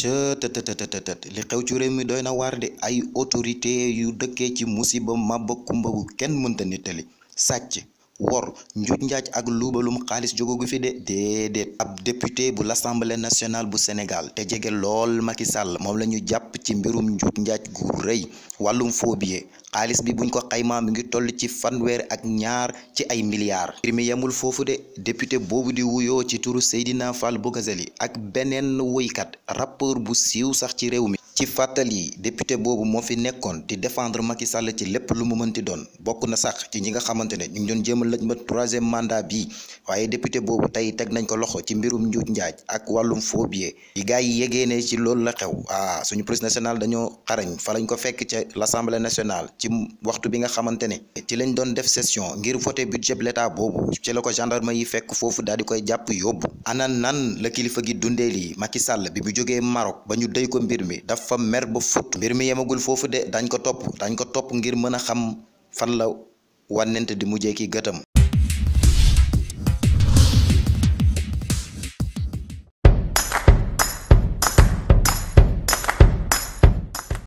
cëtëtëtëtët li xew ci réew mi doy na waar de ay autorité yu dëkkee ci musiba maba kumba bu kenn mënta nittali sàcc wor njuuj njaaj ak luubalum xaalis jógogu fi de déedéet ab député bu l'Assemblée nationale bu Sénégal te jege lool Macky Sall moom la ñu jàpp ci mbirum njuuj njaaj gu rëy wàllum foobiyee xaalis bi buñ ko xaymaa mi ngi toll ci fanweer ak ñaar ci ay milliards mbir mi yemul foofu de député boobu di wuyoo ci turu Seydina Fall Bougazelli ak beneen woykat rappeur bu siiw sax ci réew mi ci fàttali député boobu moo fi nekkoon di defendre Macky Sall ci lépp lu mu mënti doon bokk na sax ci ñi nga xamante ne ñu ngi doon jéem a lëjbët troisième mandat bi waaye député boobu tey teg nañ ko loxo ci mbirum njuuj njaaj ak wàllum faux billets yi gars yi yegee ne ci loolu la xew ah, suñu police nationale dañoo xarañ fa lañ ko fekk ca l'Assemblée nationale ci waxtu bi nga xamante ne ci lañ doon def session ngir voter budget de boobu ci la ko gendarme yi fekk foofu daal di koy jàpp yóbbu ana nan la kilifa gi dundee lii Macky Sall bi mu jógee Maroc ba ñu dëy ko mbir mi dafa mer ba fut mbir mi yemagul foofu de dañ ko topp dañ ko topp ngir mën a xam fan la wànnent di mujjee ki gëtam